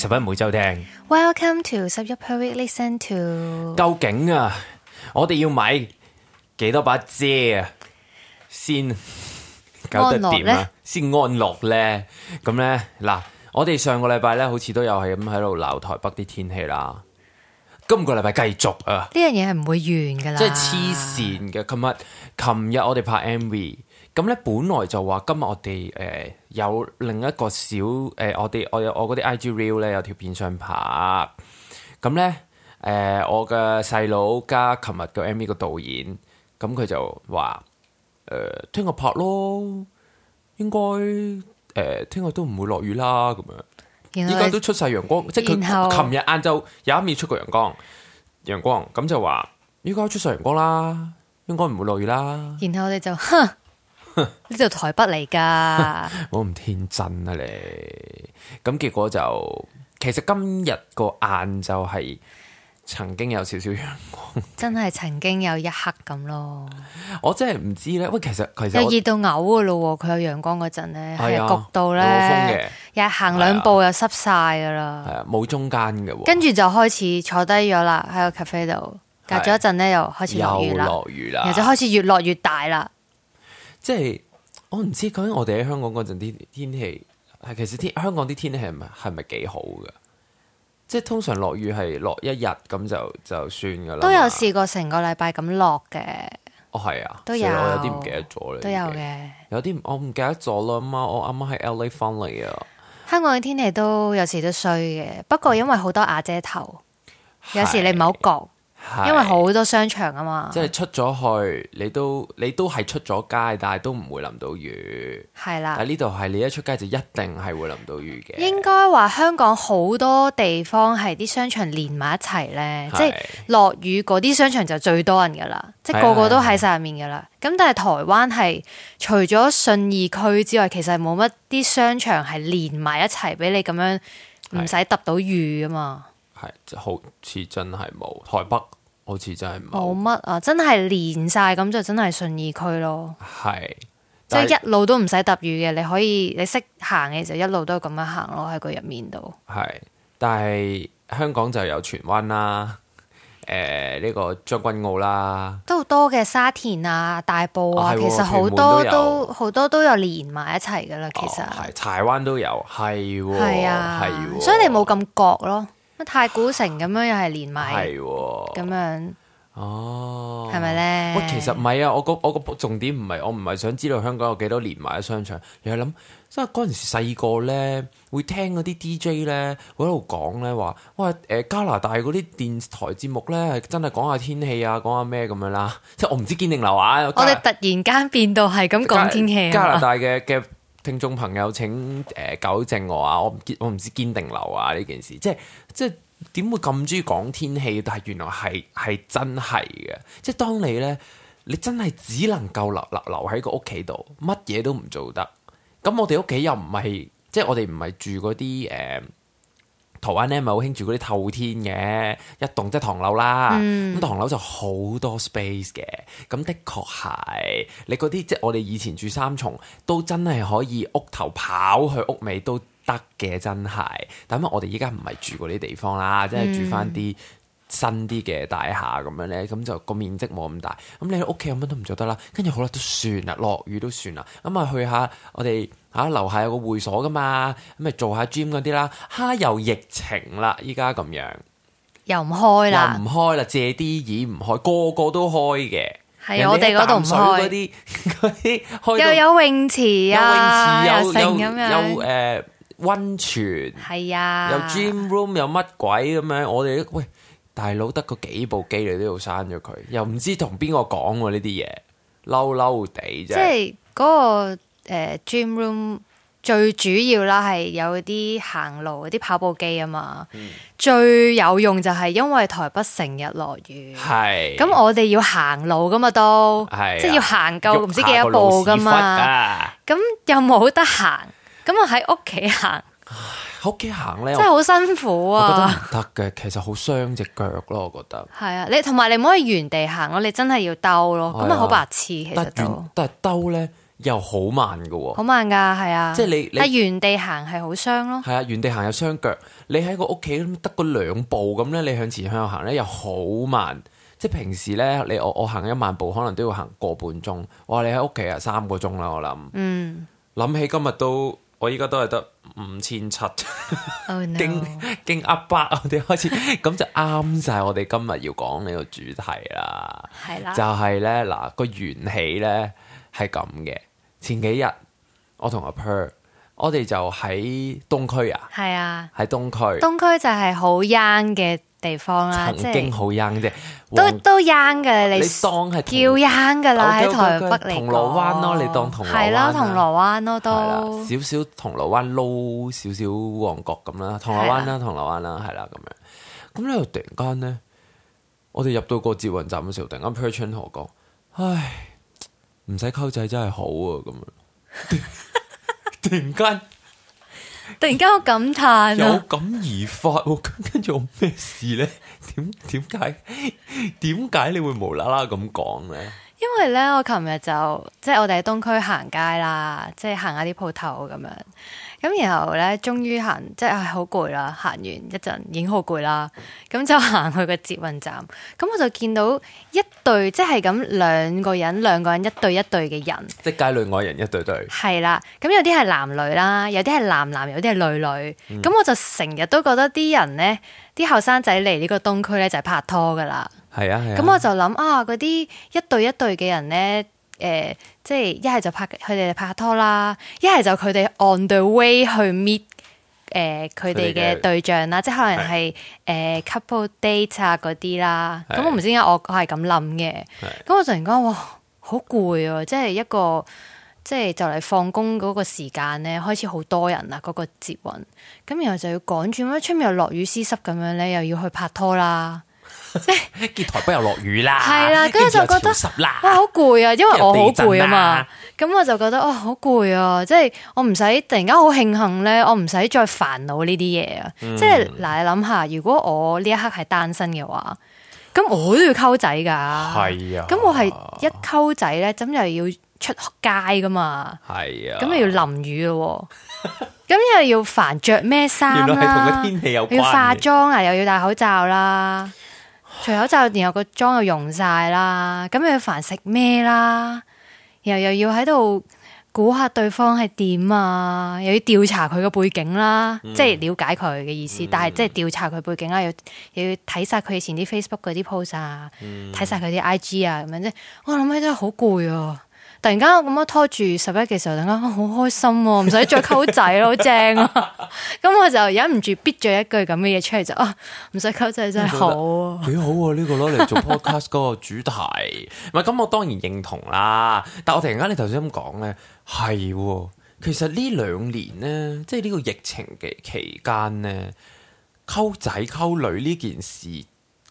十一每周聽。Welcome to 十一 per week listen to。究竟啊，我哋要買幾多把遮啊，先搞得掂啊，安呢先安樂咧。咁咧嗱，我哋上個禮拜咧，好似都有係咁喺度鬧台北啲天氣啦。今個禮拜繼續啊，呢樣嘢係唔會完噶啦。即係黐線嘅，琴日、琴日我哋拍 MV，咁咧本來就話今日我哋誒。呃有另一個小誒、呃，我哋，我我嗰啲 IG reel 咧有條片相拍，咁咧誒，我嘅細佬加琴日嘅 MV 嘅導演，咁、嗯、佢就話誒，聽、呃、日拍咯，應該誒，聽日都唔會落雨啦，咁樣而家都出晒陽光，即係佢琴日晏晝有一面出過陽光，陽光，咁就話應該出晒陽光啦，應該唔會落雨啦。然後我哋就呢度 台北嚟噶，好唔 天真啊你。咁結果就，其實今日個晏晝係曾經有少少陽光，真係曾經有一刻咁咯。我真係唔知咧。喂，其實其實又熱到嘔噶咯。佢有陽光嗰陣咧，係、哎、呀焗到咧，有有又行兩步又濕晒噶啦。係啊、哎，冇中間嘅。跟住就開始坐低咗啦，喺個咖啡度隔咗一陣咧，又開始落雨啦。又落雨就開始越落越大啦。即係我唔知究竟我哋喺香港嗰陣啲天氣，係其實天香港啲天氣係咪係咪幾好噶？即係通常落雨係落一日咁就就算噶啦。都有試過成個禮拜咁落嘅。哦，係啊，都有。有啲唔記得咗都有嘅。有啲我唔記得咗啦。阿媽，我啱啱係 L A 翻嚟啊。剛剛，香港嘅天氣都有時都衰嘅，不過因為好多瓦遮頭，是有時你唔好覺。是因為好多商場啊嘛，即係出咗去，你都你都係出咗街，但係都唔會淋到雨。係啦的，但呢度係你一出街就一定係會淋到雨嘅。應該話香港好多地方係啲商場連埋一齊咧，的即係落雨嗰啲商場就最多人噶啦，的即係個個都喺晒入面噶啦。咁的但係台灣係除咗信義區之外，其實冇乜啲商場係連埋一齊俾你咁樣唔使揼到雨啊嘛。係，好似真係冇台北好，好似真係冇乜啊！真係連晒咁就真係信義區咯。係，即係一路都唔使搭雨嘅，你可以你識行嘅就一路都咁樣行咯，喺個入面度。係，但係香港就有荃灣啦，誒、呃、呢、這個將軍澳啦，都好多嘅沙田啊、大埔啊，哦、啊其實好多都好多都有連埋一齊噶啦。其實係柴灣都有，係係啊，係、啊，啊啊啊、所以你冇咁覺咯。太古城咁樣又係連埋，係咁樣哦，係咪咧？喂、哦，是是其實唔係啊，我個我個重點唔係，我唔係想知道香港有幾多連埋嘅商場，你係諗，即係嗰陣時細個咧會聽嗰啲 DJ 咧會喺度講咧話，哇誒加拿大嗰啲電台節目咧，真係講下天氣啊，講下咩咁樣啦，即係我唔知堅定流啊！我哋突然間變到係咁講天氣，加拿大嘅嘅聽衆朋友請，請誒糾正我啊！我唔我唔知堅定流啊呢件事，即係。即係點會咁中意講天氣？但係原來係係真係嘅。即係當你咧，你真係只能夠留留留喺個屋企度，乜嘢都唔做得。咁我哋屋企又唔係，即係我哋唔係住嗰啲誒，uh, 台灣咧咪好興住嗰啲透天嘅一棟即係唐樓啦。咁唐樓就好多 space 嘅。咁的確係你嗰啲，即係我哋以前住三重都真係可以屋頭跑去屋尾都。得嘅真係，但啊，我哋依家唔係住嗰啲地方啦，即係住翻啲新啲嘅大廈咁樣咧，咁就個面積冇咁大。咁你屋企有乜都唔做得啦，跟住好啦，都算啦，落雨都算啦。咁啊，去下我哋啊樓下有個會所噶嘛，咁咪做下 gym 嗰啲啦。哈、啊，又疫情啦，依家咁樣，又唔開啦，唔開啦，借啲意唔開，個個都開嘅。係我哋嗰度唔開啲，啲開又有泳池啊，有泳池有又又又誒。溫泉係啊，有 gym room 有乜鬼咁樣？我哋，喂大佬得個幾部機你都要刪咗佢，又唔知同邊個講喎呢啲嘢，嬲嬲地啫。即係嗰個誒 gym room 最主要啦，係有啲行路嗰啲跑步機啊嘛，最有用就係因為台北成日落雨，係咁我哋要行路噶嘛，都即係要行夠唔知幾多步噶嘛，咁又冇得行。咁啊喺屋企行，喺屋企行咧真係好辛苦啊！我覺得唔得嘅，其實好傷隻腳咯，我覺得係啊，啊！你同埋你唔可以原地行咯，你真係要兜咯，咁啊好白痴其實，但係兜咧又好慢噶好慢噶係啊！即係你但係原地行係好傷咯，係啊！原地行有傷腳，你喺個屋企得個兩步咁咧，你向前向右行咧又好慢。即係平時咧，你我我行一萬步可能都要行個半鐘，我話！你喺屋企啊三個鐘啦，我諗嗯諗起今日都。我依家都係得五千七，勁，勁噏八，我哋開始咁就啱晒我哋今日要講呢個主題啦，係啦， 就係咧嗱個緣起咧係咁嘅。前幾日我同阿 Per，我哋就喺東區啊，係啊，喺東區，東區就係好 young 嘅。地方啦，即係都都 young 嘅，你當係叫 young 嘅啦，喺台北你銅鑼灣咯，你當銅鑼灣係咯，銅鑼灣咯，都少少銅鑼灣撈少少旺角咁，啊對啊啊啊，啦，銅鑼灣啦，銅鑼灣啦，係啦咁樣。咁呢度突然間呢，我哋入到個捷運站嘅時候，突然間 Per 陳同我講：，唉，唔使溝仔真係好啊！咁樣突然間。 突然間我感嘆， 有感而發，跟 住有咩事咧？點點解點解你會無啦啦咁講咧？因為咧，即係、我琴日就即係我哋喺東區行街啦，即係行下啲鋪頭咁樣。咁然後咧，終於行即係，好攰啦。行完一陣已經好攰啦，咁、嗯、就行去個捷運站。咁我就見到一對，即係咁兩個人，兩個人一對一對嘅人，即係街裏外人一對對。係啦，咁有啲係男女啦，有啲係男男，有啲係女女。咁、嗯、我就成日都覺得啲人咧，啲後生仔嚟呢個東區咧就係拍拖噶啦。係啊，咁我就諗啊，嗰啲一對一對嘅人咧。誒、呃，即係一係就拍佢哋拍拖啦，一係就佢哋 on the way 去 meet 誒佢哋嘅對象啦，即係可能係誒是的、呃、couple dates 啊嗰啲啦。咁是的 我唔知點解我係咁諗嘅。咁是的 我突然間哇，好攰啊，即係一個即係就嚟放工嗰個時間咧，開始好多人啦，嗰、嗰個捷運。咁然後就要趕住，咁出面又落雨絲濕咁樣咧，又要去拍拖啦。即係 結台北又落雨啦，係啦了，跟住就覺得 哇，好攰啊，因為我好攰啊嘛。咁、啊、我就覺得哦，好攰啊！即係我唔使突然間好慶幸咧，我唔使再煩惱呢啲嘢啊。嗯、即係嗱，你諗下，如果我呢一刻係單身嘅話，咁我都要溝仔噶，係啊。咁我係一溝仔咧，咁又要出街噶嘛，係啊。咁又要淋雨咯，咁 又要煩着咩衫啦，同個天氣有要化妝啊，又要戴口罩啦。 除口罩，然後個妝又溶晒啦，咁又要煩食咩啦，然後又要喺度估下對方係點啊，又要調查佢個背景啦，即係、嗯、了解佢嘅意思。嗯、但係即係調查佢背景啦，又又要睇晒佢以前啲 Facebook 嗰啲 post 啊、嗯，睇晒佢啲 IG 啊咁樣即係。我諗起真係好攰啊！突然間我咁樣拖住十一嘅時候，突然間好開心、啊，唔使再溝仔咯，好正、啊。咁 我就忍唔住，逼咗一句咁嘅嘢出嚟就啊，唔使溝仔真係好啊，幾 好啊，呢、呢個咯嚟做 podcast 嗰個主題。係 咁，我當然認同啦。但我突然間你頭先咁講咧，係、啊、其實呢兩年咧，即係呢個疫情嘅期間咧，溝仔溝女呢件事，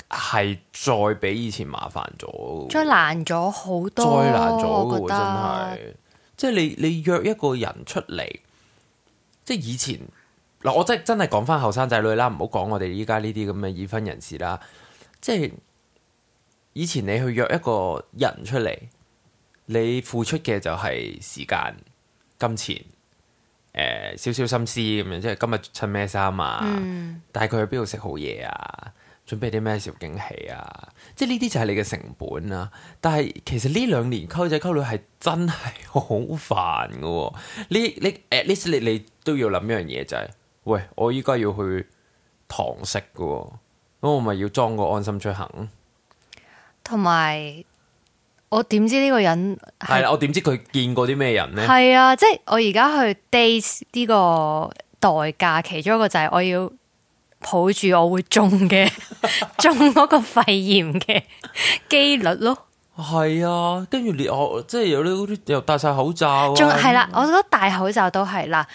係再比以前麻煩咗，再難咗好多，再難咗，覺真係，即係你你約一個人出嚟，即係以前嗱，我真係真係講翻後生仔女啦，唔好講我哋依家呢啲咁嘅已婚人士啦，即係以前你去約一個人出嚟，你付出嘅就係時間、金錢，誒、呃，少少心思咁樣，即係今日着咩衫啊，帶佢去邊度食好嘢啊！準備啲咩小驚喜啊！即係呢啲就係你嘅成本啊。但係其實呢兩年溝仔溝女係真係好煩噶。你你 at least 你你都要諗一樣嘢就係、是，喂，我依家要去堂食噶、哦，咁我咪要裝個安心出行。同埋，我點知呢個人係啦、啊？我點知佢見過啲咩人呢？係啊，即係我而家去 days 呢個代價，其中一個就係我要。抱住我會中嘅，中嗰個肺炎嘅機率咯。係 啊，跟住你我即係有啲啲又戴晒口罩，仲係啦，我覺得戴口罩都係啦。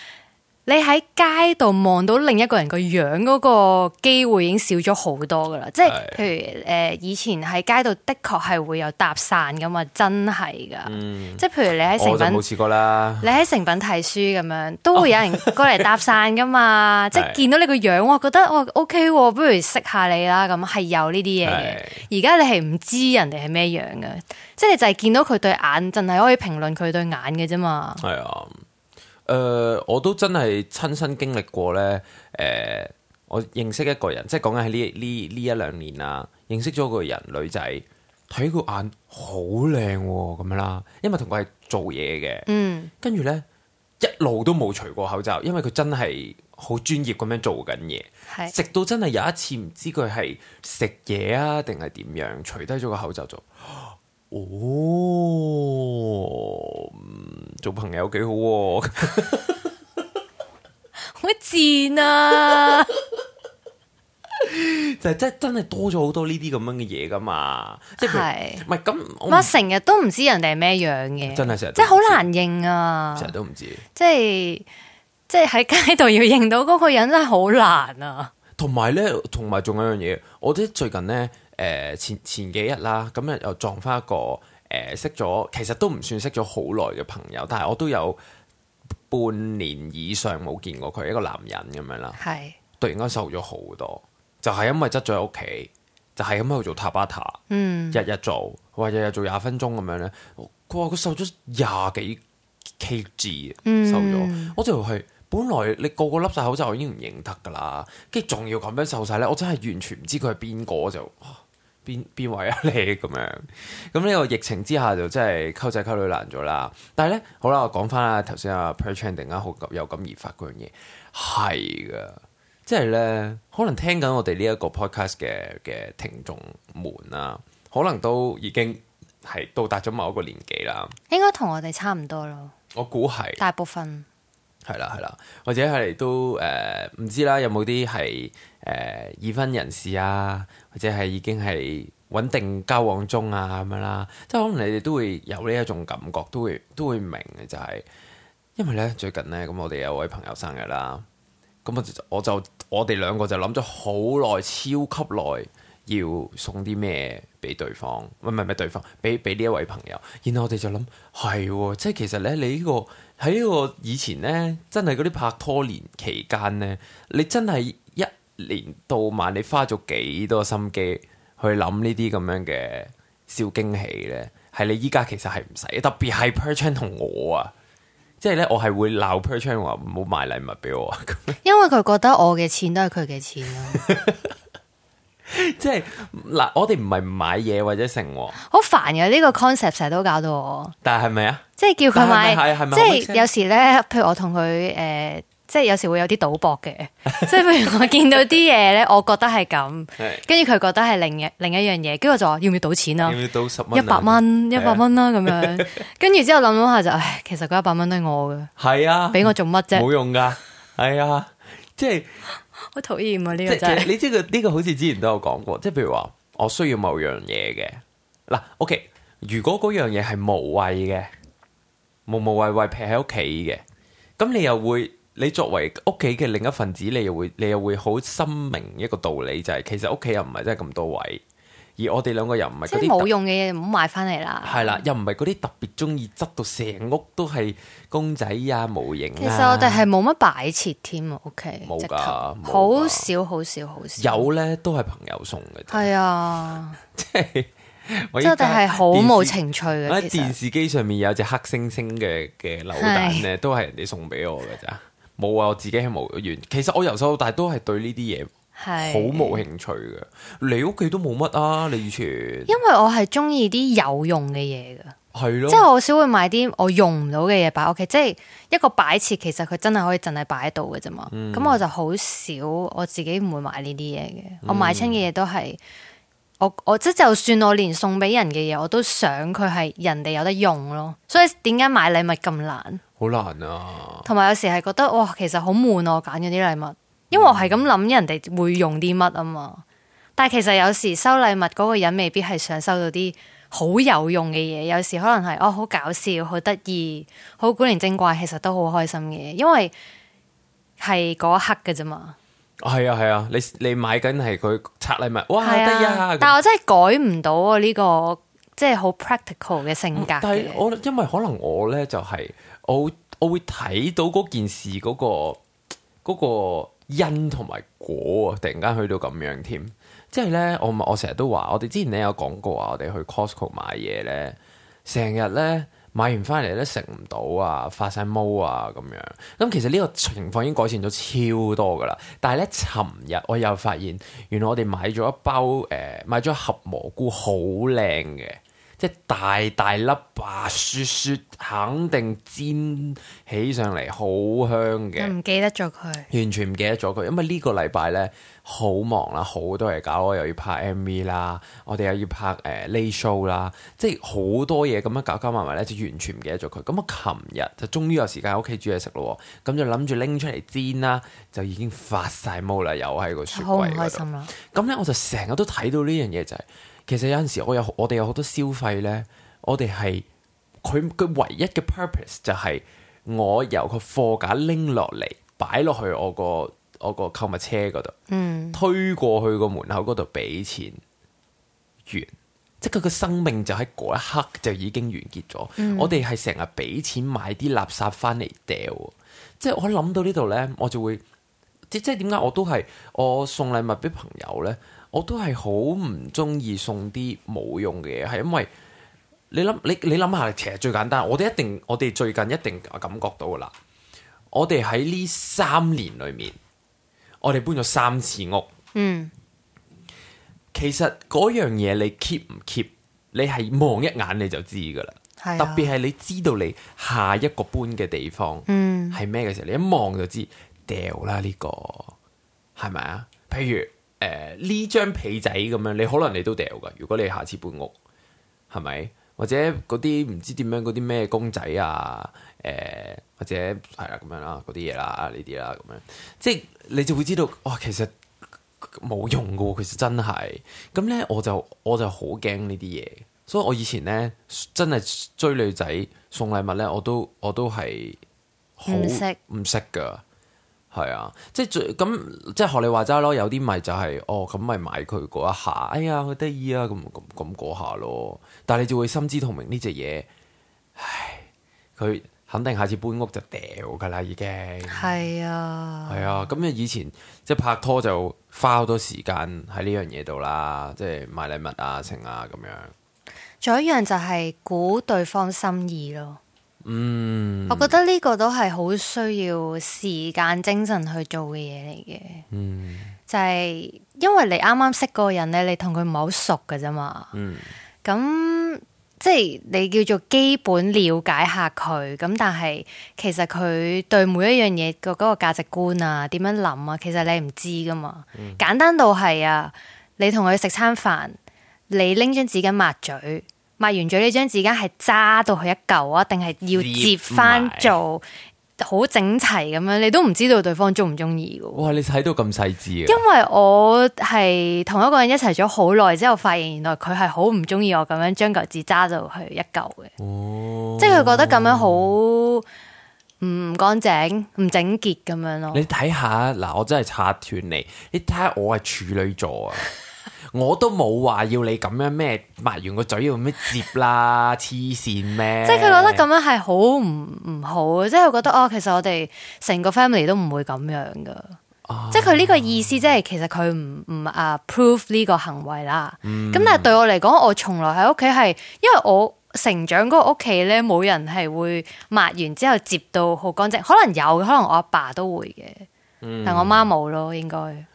你喺街度望到另一個人個樣嗰個機會已經少咗好多噶啦，即係譬如誒的以前喺街度，的確係會有搭訕噶嘛，真係噶，即係、嗯、譬如你喺成品冇試過啦，你喺成品睇書咁樣都會有人過嚟搭訕噶嘛，即係見到你個樣,樣，我覺得我 O、OK、K，不如識下你啦，咁係有呢啲嘢嘅。而家你係唔知人哋係咩樣噶，即係就係、是、見到佢對眼，淨係可以評論佢對眼嘅啫嘛。係啊。誒、呃，我都真係親身經歷過呢。誒、呃，我認識一個人，即係講緊喺呢呢呢一兩年啊，認識咗個人女仔，睇佢眼好靚咁樣啦。因為同佢係做嘢嘅，嗯，跟住呢，一路都冇除過口罩，因為佢真係好專業咁樣做緊嘢。直是到真係有一次唔知佢係食嘢啊，定係點樣，除低咗個口罩做。哦，做朋友幾好，好賤啊！就 係、啊、 真真係多咗好多呢啲咁樣嘅嘢噶嘛，即係唔係咁我成日都唔知人哋係咩樣嘅，真係成日即係好難認啊！成日都唔知，即係即係喺街度要認到嗰個人真係好難啊！同埋咧，同埋仲有一樣嘢，我覺得最近咧。誒前前幾日啦，咁樣又撞翻一個誒、欸、識咗，其實都唔算識咗好耐嘅朋友，但係我都有半年以上冇見過佢一個男人咁樣啦。係是突然間瘦咗好多，就係、是、因為執咗喺屋企，就係咁喺度做塔巴塔，嗯，日日做，話日日做廿分鐘咁樣咧。哇、嗯！佢話佢瘦咗廿幾 KG，瘦咗，我就話本來你個個笠晒口罩我已經唔認得噶啦，跟住仲要咁樣瘦晒，咧，我真係完全唔知佢係邊個就。邊邊位啊？你咁樣，咁呢個疫情之下就真係溝仔溝女難咗啦，但係咧好啦，我講翻啦，頭先阿 Per Chan ding 好有感而發嗰樣嘢，係噶，即係咧可能聽緊我哋呢一個 podcast 嘅嘅聽眾們啦，可能都已經係到達咗某一個年紀啦，應該同我哋差唔多咯，我估係大部分係啦係啦，或者係都誒唔、呃、知啦，有冇啲係誒已婚人士啊？或者係已經係穩定交往中啊咁樣啦，即係可能你哋都會有呢一種感覺，都會都會明嘅就係因為咧最近咧咁我哋有位朋友生日啦，咁我就我哋兩個就諗咗好耐，超級耐，要送啲咩俾對方，唔係唔係對方，俾俾呢一位朋友。然後我哋就諗係喎，即係其實咧你呢個喺呢個以前咧，真係嗰啲拍拖年期間咧，你真係。年到晚你花咗幾多心機去諗呢啲咁樣嘅小驚喜咧？係你依家其實係唔使，特別係 Per Chan 同我啊，即係咧我係會鬧 Per Chan 話唔好買禮物俾我啊， 因為佢覺得我嘅錢都係佢嘅錢咯，啊。即係嗱，我哋唔係唔買嘢或者剩，啊，好煩嘅呢個 concept 成日都搞到我。但係係咪啊？即係叫佢買係係，即係有時咧，譬如我同佢誒。呃即係有時會有啲賭博嘅，即係譬如我見到啲嘢咧，我覺得係咁，跟住佢覺得係另一另一樣嘢，跟住我就話要唔要賭錢啊？要唔要賭十蚊、一百蚊、一百蚊啦咁樣，跟住之後諗諗下就，唉，其實嗰一百蚊都係我嘅，係啊，俾我做乜啫，冇用噶，係啊，即係好討厭啊呢個真係，你知嘅呢個好似之前都有講過，即係譬如話我需要某樣嘢嘅，嗱，OK，如果嗰樣嘢係無謂嘅，無無謂謂劈喺屋企嘅，咁你又會，你作為屋企嘅另一份子，你又會你又會好深明一個道理，就係、是、其實屋企又唔係真係咁多位，而我哋兩個又唔係即係冇用嘅嘢唔好買翻嚟啦。係啦，又唔係嗰啲特別中意，執到成屋都係公仔啊、模型啊。其實我哋係冇乜擺設添啊，屋企冇噶，好少好少好少。少少有咧都係朋友送嘅，係啊的，即係 我哋係好冇情趣嘅。喺電視機實上面有隻黑猩猩嘅嘅扭蛋咧，都係人哋送俾我㗎咋。 冇是啊！我自己係冇，其實我由細到大都係對呢啲嘢係好冇興趣嘅。你屋企都冇乜啊，你以前。因為我係中意啲有用嘅嘢噶，係咯，即係我少會買啲我用唔到嘅嘢擺屋企，即係一個擺設，其實佢真係可以淨係擺喺度嘅啫嘛。咁、嗯、我就好少我自己唔會買呢啲嘢嘅，我買親嘅嘢都係、嗯、我我即就算我連送俾人嘅嘢，我都想佢係人哋有得用咯。所以點解買禮物咁難？好難啊！同埋有，有時係覺得哇，其實好悶啊！我揀咗啲禮物，因為我係咁諗人哋會用啲乜啊嘛。但係其實有時收禮物嗰個人未必係想收到啲好有用嘅嘢，有時可能係哦，好搞笑、好得意、好古靈精怪，其實都好開心嘅，因為係嗰一刻嘅啫嘛。係啊係啊，你你買緊係佢拆禮物，哇，得意啊！啊但係我真係改唔到呢個即係好 practical 嘅性格。我因為可能我咧就係。我我會睇到嗰件事嗰、嗰個、嗰個因同埋果啊，突然間去到咁樣添，即係咧我我成日都話，我哋之前咧有講過啊，我哋去 Costco 買嘢咧，成日咧買完翻嚟咧食唔到啊，發晒毛啊咁樣。咁、嗯、其實呢個情況已經改善咗超多噶啦，但係咧，尋日我又發現，原來我哋買咗一包誒、呃，買咗一盒蘑菇，好靚嘅。一大大粒白、啊、雪雪，肯定煎起上嚟好香嘅。唔記得咗佢，完全唔記得咗佢，因為呢個禮拜呢，好忙啦，好多嘢搞，我又要拍 MV 啦，我哋又要拍誒 live show 啦，即係好多嘢咁樣搞搞埋埋呢，就完全唔記得咗佢。咁我琴日就終於有時間喺屋企煮嘢食咯，咁、嗯、就諗住拎出嚟煎啦，就已經發晒毛啦，又喺個雪櫃。好唔開心啦！咁呢，我就成日都睇到呢樣嘢就係、是。其實有陣時我有我哋有好多消費咧，我哋係佢佢唯一嘅 purpose 就係我由個貨架拎落嚟，擺落去我個我個購物車嗰度，嗯、推過去個門口嗰度俾錢完，即係佢個生命就喺嗰一刻就已經完結咗。嗯、我哋係成日俾錢買啲垃圾翻嚟掉，即係我諗到呢度咧，我就會即即係點解我都係我送禮物俾朋友咧？我都係好唔中意送啲冇用嘅嘢，係因為你諗你你諗下，其實最簡單，我哋一定我哋最近一定感覺到噶啦。我哋喺呢三年裏面，我哋搬咗三次屋。嗯，其實嗰樣嘢你 keep 唔 keep，你係望一眼你就知噶啦。啊、特別係你知道你下一個搬嘅地方，嗯，係咩嘅時候，你一望就知掉啦。呢個係咪啊？譬如。誒，呢、呃、張被仔咁樣，你可能你都掉噶。如果你下次搬屋，係咪？或者嗰啲唔知點樣，嗰啲咩公仔啊，誒、呃，或者係啦咁樣啦，嗰啲嘢啦，呢啲啦，咁樣，樣，即係你就會知道，哇、哦，其實冇用噶，其實真係。咁咧，我就我就好驚呢啲嘢，所以我以前咧真係追女仔送禮物咧，我都我都係好識，唔識噶。係啊，即係最咁，即係學你話齋咯。有啲咪就係、是、哦，咁咪買佢嗰下，哎呀，好得意啊，咁咁嗰下咯。但係你就會心知肚明呢隻嘢，唉，佢肯定下次搬屋就掉噶啦，已經係啊，係啊。咁你以前即係拍拖就花好多時間喺呢樣嘢度啦，即係買禮物啊、成啊咁樣。仲有一樣就係估對方心意咯。嗯，我覺得呢個都係好需要時間精神去做嘅嘢嚟嘅。嗯，就係因為你啱啱識嗰個人咧，你同佢唔係好熟㗎啫嘛。嗯，咁即係你叫做基本了解下佢。咁但係其實佢對每一樣嘢個嗰個價值觀啊，點樣諗啊，其實你唔知噶嘛。簡單到係啊，你同佢食餐飯，你拎張紙巾抹嘴。抹完咗呢張紙巾係揸到佢一嚿啊，定係要折翻做好整齊咁樣？你都唔知道對方中唔中意噶。哇！你睇到咁細緻啊！因為我係同一個人一齊咗好耐之後，發現原來佢係好唔中意我咁樣將嚿紙揸到佢一嚿嘅。哦，即係佢覺得咁樣好唔乾淨、唔整潔咁樣咯。你睇下嗱，我真係拆斷你。你睇下我係處女座啊！我都冇話要你咁樣咩，抹完個嘴要咩接啦，黐線咩？即係佢覺得咁樣係好唔唔好，即係我覺得哦，其實我哋成個 family 都唔會咁樣噶，哦、即係佢呢個意思、就是，即係其實佢唔唔 approve 呢個行為啦。咁、嗯、但係對我嚟講，我從來喺屋企係，因為我成長嗰個屋企咧，冇人係會抹完之後接到好乾淨，可能有，可能我阿爸都會嘅，嗯、但我媽冇咯，應該。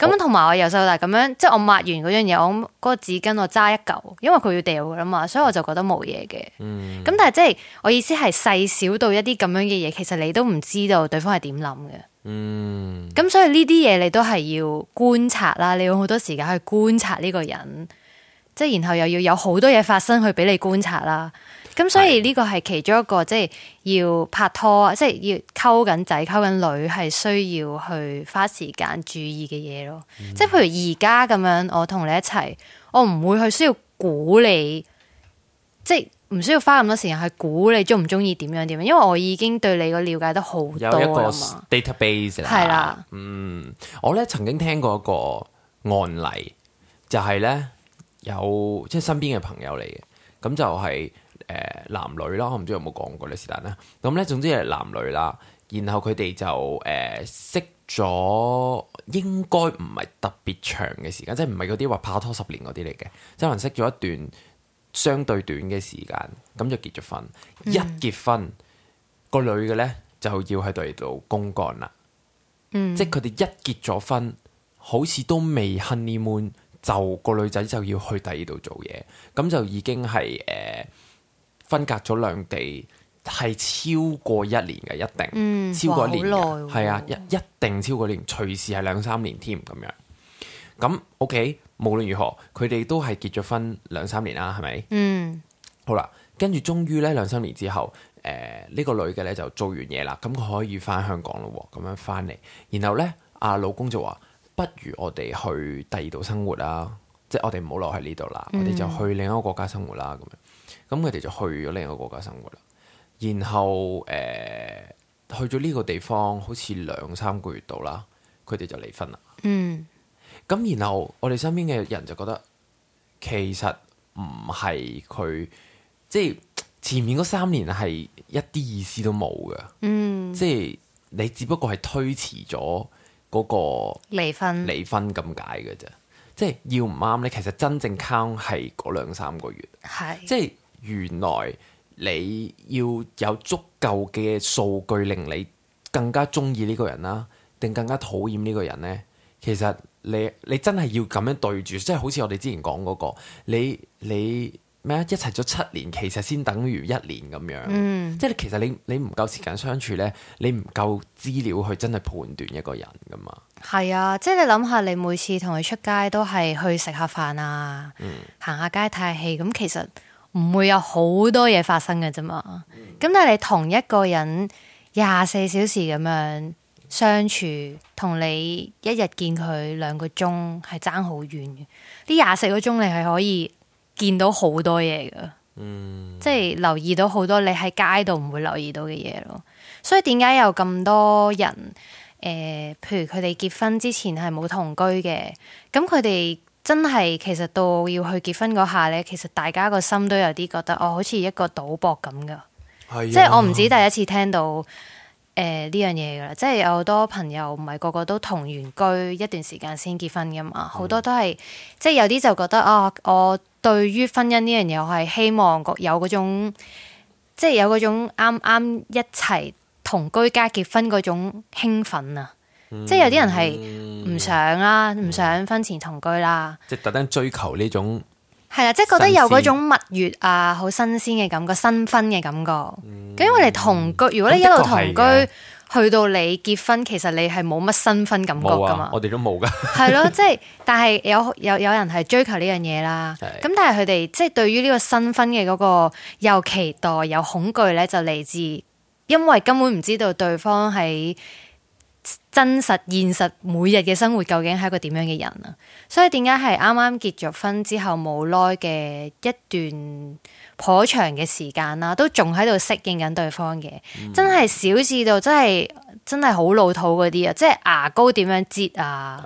咁同埋我由細到大咁樣，即係我抹完嗰樣嘢，我嗰個紙巾我揸一嚿，因為佢要掉噶啦嘛，所以我就覺得冇嘢嘅。咁、嗯、但係即係我意思係細小到一啲咁樣嘅嘢，其實你都唔知道對方係點諗嘅。咁、嗯、所以呢啲嘢你都係要觀察啦，你要用好多時間去觀察呢個人，即係然後又要有好多嘢發生去俾你觀察啦。咁、嗯、所以呢個係其中一個，即係要拍拖，即係要溝緊仔、溝緊女，係需要去花時間注意嘅嘢咯。即係、嗯、譬如而家咁樣，我同你一齊，我唔會去需要估你，即係唔需要花咁多時間去估你鍾唔鍾意點樣點樣，因為我已經對你個了解得好多啊嘛。database 係啦嗎，是的 嗯，我咧曾經聽過一個案例，就係、是、咧有即係身邊嘅朋友嚟嘅，咁就係、是。誒，男女啦，我唔知有冇講過呢，是但啦。咁咧，總之係男女啦。然後佢哋就誒識咗，呃、應該唔係特別長嘅時間，即係唔係嗰啲話拍拖十年嗰啲嚟嘅，即係可能識咗一段相對短嘅時間，咁就結咗婚。嗯、一結婚，個女嘅咧就要去第二度公幹啦。嗯、即係佢哋一結咗婚，好似都未 honeymoon，就個女仔就要去第二度做嘢，咁就已經係誒。呃分隔咗兩地係超過一年嘅、嗯，一定超過一年，係啊，一一定超過年，隨時係兩三年添咁樣。咁 OK，無論如何，佢哋都係結咗婚兩三年啦，係咪？嗯，好啦，跟住終於呢兩三年之後，誒、呃、呢、呢個女嘅呢就做完嘢啦，咁佢可以翻香港咯喎，咁樣翻嚟，然後呢，阿、啊、老公就話：不如我哋去第二度生活啦，即係我哋唔好留喺呢度啦，嗯、我哋就去另一個國家生活啦咁樣。咁佢哋就去咗另一個國家生活啦，然後誒、呃、去咗呢個地方好似兩三個月度啦，佢哋就離婚啦。嗯，咁然後我哋身邊嘅人就覺得，其實唔係佢，即係前面嗰三年係一啲意思都冇嘅。嗯，即係你只不過係推遲咗嗰個離婚離婚咁解嘅啫，即係要唔啱咧，其實真正 count 係嗰兩三個月。係是，即係。原來你要有足夠嘅數據令你更加中意呢個人啦，定更加討厭呢個人呢？其實你你真係要咁樣對住，即係好似我哋之前講嗰個，你你咩啊？一齊咗七年，其實先等於一年咁樣。嗯即，即係其實你你唔夠時間相處呢，你唔夠資料去真係判斷一個人噶嘛？係啊，即係你諗下，你每次同佢出街都係去食下飯啊，嗯、行下街睇下戲，咁其實。唔會有好多嘢發生嘅啫嘛，咁但係你同一個人廿四小時咁樣相處，同你一日見佢兩個鐘係爭好遠嘅，呢廿四個鐘你係可以見到好多嘢嘅，嗯、即係留意到好多你喺街度唔會留意到嘅嘢咯。所以點解有咁多人誒、呃，譬如佢哋結婚之前係冇同居嘅，咁佢哋。真係，其實到要去結婚嗰下呢，其實大家個心都有啲覺得，哦，好似一個賭博咁噶。哎、呀即係我唔止第一次聽到呢、呃、樣嘢噶啦，即係有好多朋友唔係個個都同居一段時間先結婚噶嘛，好、嗯、多都係即係有啲就覺得，哦，我對於婚姻呢樣嘢，我係希望有嗰種，即係有嗰種啱啱一齊同居加結婚嗰種興奮啊！嗯、即係有啲人係唔想啦，唔想婚前同居啦。即係特登追求呢種係啦，即係覺得有嗰種蜜月啊，好新鮮嘅感覺，新婚嘅感覺。咁、嗯、因為你同居，如果你一路同居去到你結婚，其實你係冇乜新婚感覺噶嘛？啊、我哋都冇噶。係 咯，即係，但係有有有人係追求呢樣嘢啦。咁的但係佢哋即係對於呢個新婚嘅嗰、嗰個又期待又恐懼咧，就嚟自，因為根本唔知道對方喺真實現實每日嘅生活究竟係一個點樣嘅人啊？所以點解係啱啱結咗婚之後冇耐嘅一段頗長嘅時間啦、啊，都仲喺度適應緊對方嘅，嗯、真係小事到真係真係好老土嗰啲啊！即係牙膏點樣擠啊？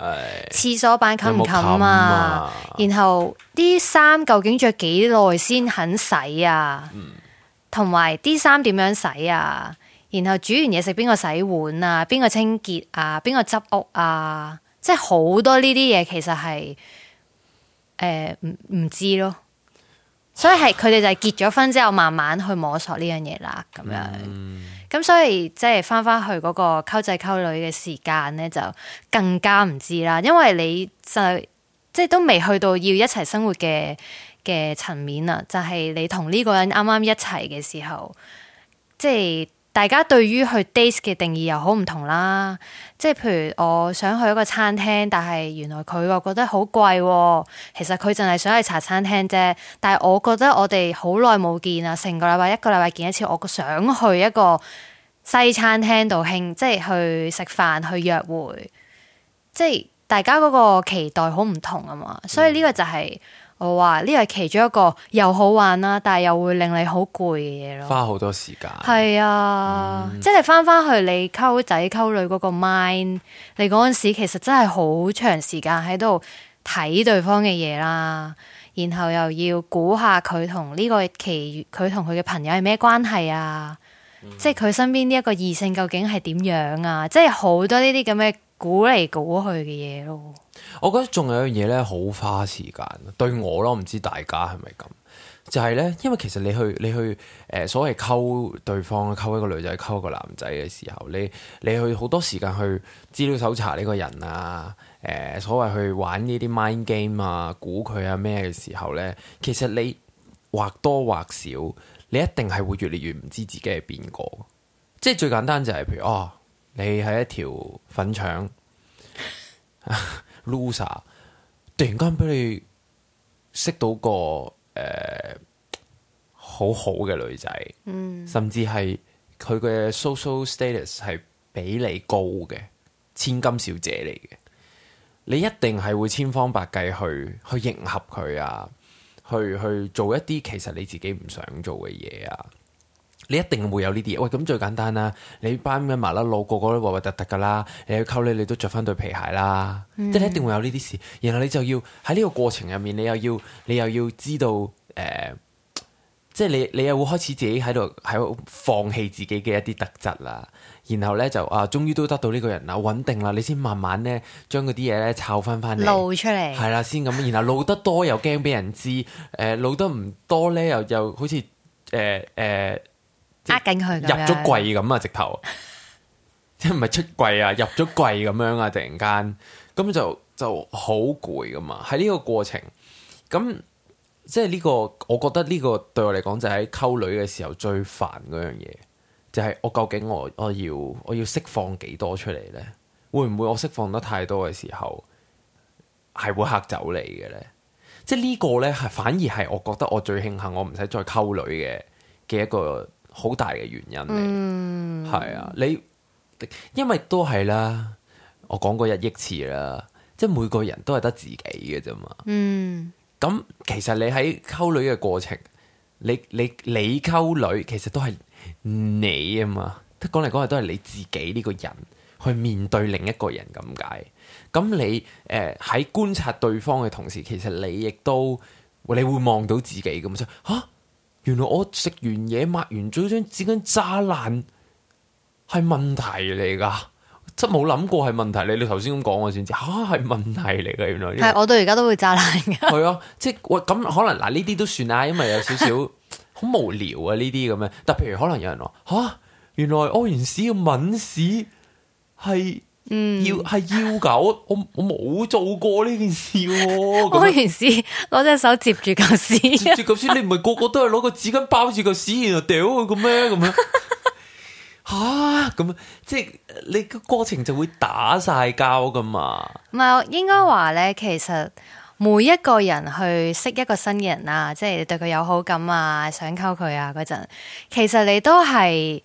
廁所板冚唔冚啊？然後啲衫究竟着幾耐先肯洗啊？同埋啲衫點樣洗啊？然後煮完嘢食，邊個洗碗啊，邊個清潔啊，邊個執屋啊，即係好多呢啲嘢其實係誒唔唔知咯，所以係佢哋就係結咗婚之後慢慢去摸索呢樣嘢啦，咁樣，咁所以即係翻翻去嗰個溝仔溝女嘅時間咧就更加唔知啦，因為你就即係都未去到要一齊生活嘅嘅層面啊。就係你同呢個人啱啱一齊嘅時候，即係。大家對於去 date 嘅定義又好唔同啦，即係譬如我想去一個餐廳，但係原來佢又覺得好貴啊，其實佢淨係想去茶餐廳啫。但係我覺得我哋好耐冇見啦，成個禮拜一個禮拜見一次，我想去一個西餐廳度興，即係去食飯去約會，即係大家嗰個期待好唔同啊嘛，所以呢個就係、是。嗯我話呢個係其中一個又好玩啦，但係又會令你好攰嘅嘢咯。花好多時間係啊，嗯、即係返返去你溝仔溝女嗰個 mind，你嗰陣時其實真係好長時間喺度睇對方嘅嘢啦，然後又要估下佢同呢個其佢同佢嘅朋友係咩關係啊，嗯、即係佢身邊呢一個異性究竟係點樣啊，即係好多呢啲咁嘅估嚟估去嘅嘢咯。我覺得仲有一樣嘢咧，好花時間。對我咯，唔知大家係咪咁？就係咧，因為其實你去你去誒所謂溝對方、溝一個女仔、溝一個男仔嘅時候，你你去好多時間去資料搜查呢個人啊，誒所謂去玩呢啲 mind game 啊，估佢啊咩嘅時候咧，其實你或多或少，你一定係會越嚟越唔知自己係邊個。即係最簡單就係譬如哦，你係一條粉腸。 loser 突然間俾你識到個誒、呃、好好嘅女仔，嗯、甚至係佢嘅 social status 係比你高嘅千金小姐嚟嘅，你一定係會千方百計去去迎合佢啊，去去做一啲其實你自己唔想做嘅嘢啊。你一定會有呢啲嘢，喂，咁最簡單啦，你班咁麻甩佬個個都核核突突㗎啦，你去溝你你都着翻對皮鞋啦，嗯、即係一定會有呢啲事，然後你就要喺呢個過程入面，你又要你又要知道誒、呃，即係你你又會開始自己喺度喺度放棄自己嘅一啲特質啦，然後咧就啊，終於都得到呢個人啦，穩定啦，你先慢慢咧將嗰啲嘢咧摷翻翻嚟露出嚟，係啦，先咁，然後露得多又驚俾人知，誒、呃、露得唔多咧又又好似誒誒。呃呃呃即入咗櫃咁啊，直頭 即係唔係出櫃啊，入咗櫃咁樣啊，突然間咁就就好攰噶嘛。喺呢個過程，咁即係呢個，我覺得呢個對我嚟講就係溝女嘅時候最煩嗰樣嘢，就係我究竟我要我要我要釋放幾多出嚟呢？會唔會我釋放得太多嘅時候係會吓走你嘅呢？即係呢個呢，係反而係我覺得我最慶幸我唔使再溝女嘅嘅一個。好大嘅原因嚟，係、嗯、啊！你因為都係啦，我講過一億次啦，即係每個人都係得自己嘅啫嘛。嗯，咁其實你喺溝女嘅過程，你你你溝女其實都係你啊嘛，即講嚟講去都係你自己呢個人去面對另一個人咁解。咁、嗯、你誒喺、呃、觀察對方嘅同時，其實你亦都你會望到自己咁樣吓。原來我食完嘢抹完嘴，張紙巾炸爛係問題嚟噶，真冇諗過係問題。你你頭先咁講我先知，吓，係問題嚟噶原來、這個。係我到而家都會炸爛噶。係啊，即係喂咁可能嗱呢啲都算啦，因為有少少好無聊啊呢啲咁樣。但譬如可能有人話，吓、啊、原來屙完屎要抆屎係。嗯，要係要搞，我我冇做過呢件事、啊。屙完屎，攞隻樣手接住嚿屎，啊個屎啊，接住嚿屎，你唔係個個都係攞個紙巾包住嚿屎，然後屌佢咁咩咁樣？吓咁、 啊、樣，即係你個過程就會打晒交噶嘛？唔係，應該話咧，其實每一個人去識一個新嘅人啊，即係對佢有好感啊，想溝佢啊，嗰陣其實你都係。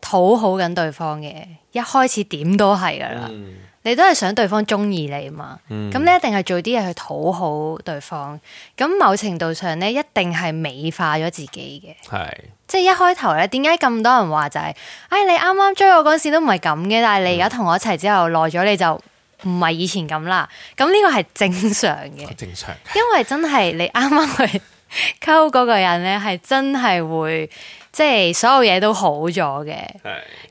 討好緊對方嘅，一開始點都係噶啦，嗯、你都係想對方中意你嘛？咁、嗯、你一定係做啲嘢去討好對方，咁某程度上呢，一定係美化咗自己嘅。係是，即係一開頭呢，點解咁多人話就係、是，哎，你啱啱追我嗰陣時都唔係咁嘅，但係你而家同我一齊之後耐咗，嗯、你就唔係以前咁啦。咁呢個係正常嘅，正常，因為真係你啱啱去溝嗰個人呢，係真係會。即係所有嘢都好咗嘅，